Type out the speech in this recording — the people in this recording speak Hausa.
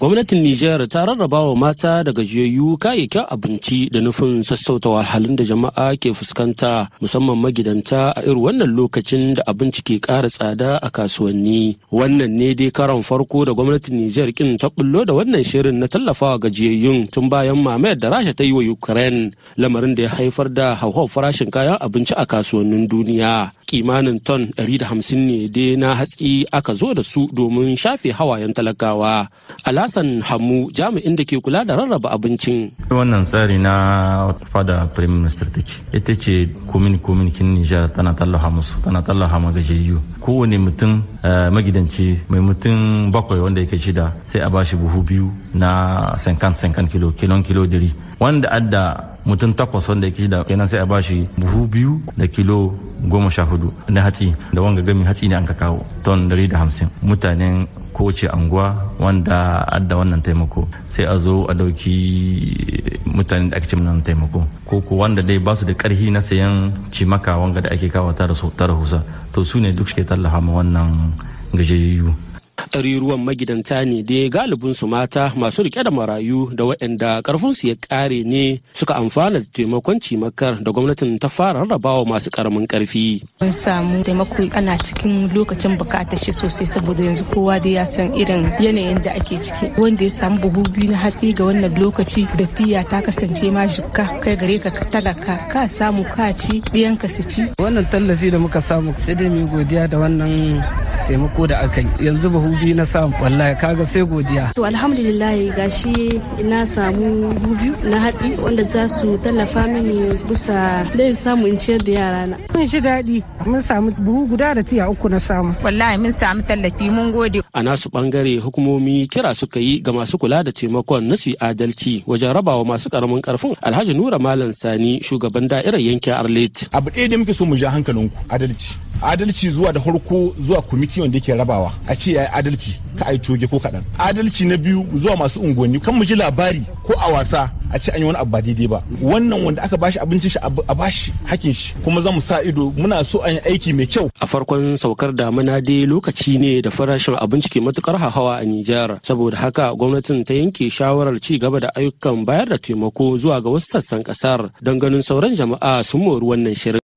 gwamnatin Nijar ta rarraba wa mata da gajiyayyu kayayyakin abinci da nufin sassauta wahalhalun da jama'a ke fuskanta musamman magidanta a irin wannan lokacin da abinci ke ƙara tsada a kasuwanni. Wannan ne dai karon farko da gwamnatin Nijar kin ta bullo da wannan shirin na tallafawa gajiyayyun tun bayan mamayar da Rasha ta yi wa Ukraine lamarin da ya haifar da hauhawar farashin kayan abinci a kasuwannin duniya. kimanin ton 150 ne dai na hatsi aka zo da su domin shafe hawayen talakawa alasan hamu jami'in da ke kula da rarraba abincin wannan tsari na fada prime minister take ita ce komin kin nijar tana tallafa musu tana tallafa ma gajiyayyu kowane mutum eh, magidanci mai mutum bakwai wanda yake shida sai a bashi buhu biyu na 50-50 kilo kilon kilo diri wanda adda mutum takwas wanda yake shida kenan sai a bashi buhu biyu da kilo goma sha hudu na hatsi da wanga gami hatsi ne an ka kawo ton dari da hamsin mutanen kowace anguwa wanda adda wannan taimako sai a zo a dauki mutanen da ake cin nan taimako ko ko wanda dai basu da karhi na sayan cimaka wanga da ake kawo ta da tara husa to su ne duk suke tallafa ma wannan gajiyayyu ruwan magidanta ne dai galibin su mata masu rike da marayu da waɗanda su ya ƙare ne suka amfana da taimakon cimakar da gwamnatin ta fara rarrabawa masu ƙaramin ƙarfi. Mun samu taimako ana cikin lokacin bukatar shi sosai saboda yanzu kowa da ya san irin yanayin da ake ciki wanda ya samu buhu biyu na hatsi ga wannan lokaci da tiya ta kasance ma shuka kai gare ka talaka ka samu ka ci ka su ci. Wannan tallafi da muka samu sai dai mu godiya da wannan taimako da aka yi yanzu ba hubi na samu wallahi kaga sai godiya to alhamdulillah gashi na samu hubi na hatsi wanda za su tallafa mini bisa da samu in ciyar da yara na mun shi daɗi mun samu buhu guda da tiya uku na samu wallahi mun samu tallafi mun gode a nasu bangare hukumomi kira suka yi ga masu kula da taimakon na su adalci wajen raba wa masu karamin karfin alhaji nura malam sani shugaban da'irar yankin arlet abu ɗaya da muke so mu ja hankalinku adalci adalci zuwa da farko zuwa kwamiti wanda yake rabawa a ce ya yi adalci ka a yi coge ko kaɗan adalci na biyu zuwa masu unguwanni kan mu ji labari ko a wasa a ce an yi wani abu ba daidai ba wannan wanda aka bashi abinci shi a bashi hakin shi kuma zamu sa ido muna so an yi aiki mai kyau a farkon saukar damuna dai lokaci ne da farashin abinci ke matukar hawa a Nijar saboda haka gwamnatin ta yanke shawarar ci gaba da ayyukan bayar da taimako zuwa ga wasu sassan kasar don ganin sauran jama'a sun mori wannan shirin